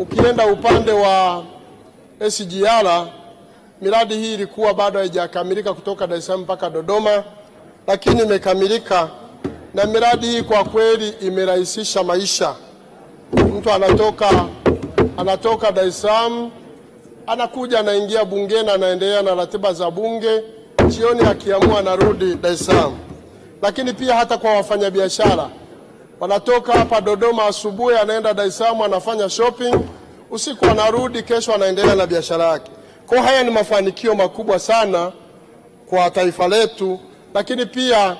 Ukienda upande wa SGR miradi hii ilikuwa bado haijakamilika kutoka Dar es Salaam mpaka Dodoma, lakini imekamilika, na miradi hii kwa kweli imerahisisha maisha. Mtu anatoka anatoka Dar es Salaam anakuja anaingia bungeni, anaendelea na ratiba za bunge, jioni akiamua anarudi Dar es Salaam. Lakini pia hata kwa wafanyabiashara wanatoka hapa Dodoma asubuhi, anaenda Dar es Salaam, anafanya shopping usiku, anarudi, kesho anaendelea na biashara yake. Kwa haya ni mafanikio makubwa sana kwa taifa letu, lakini pia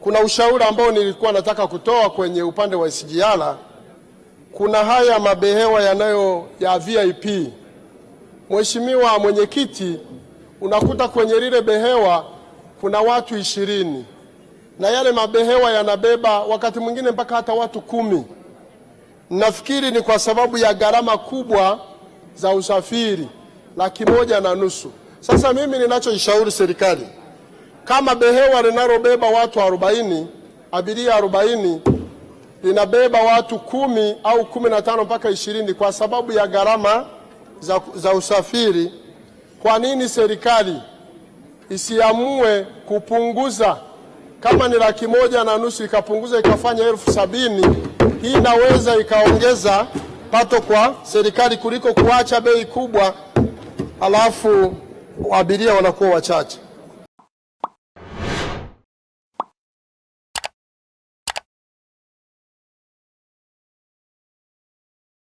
kuna ushauri ambao nilikuwa nataka kutoa kwenye upande wa SGR. Kuna haya mabehewa yanayo ya VIP. Mheshimiwa Mwenyekiti, unakuta kwenye lile behewa kuna watu ishirini na yale mabehewa yanabeba wakati mwingine mpaka hata watu kumi. Nafikiri ni kwa sababu ya gharama kubwa za usafiri, laki moja na nusu. Sasa mimi ninachoishauri serikali, kama behewa linalobeba watu arobaini, abiria arobaini linabeba watu kumi au kumi na tano mpaka ishirini kwa sababu ya gharama za, za usafiri, kwa nini serikali isiamue kupunguza kama ni laki moja na nusu ikapunguza ikafanya elfu sabini hii inaweza ikaongeza pato kwa serikali kuliko kuacha bei kubwa, alafu abiria wanakuwa wachache.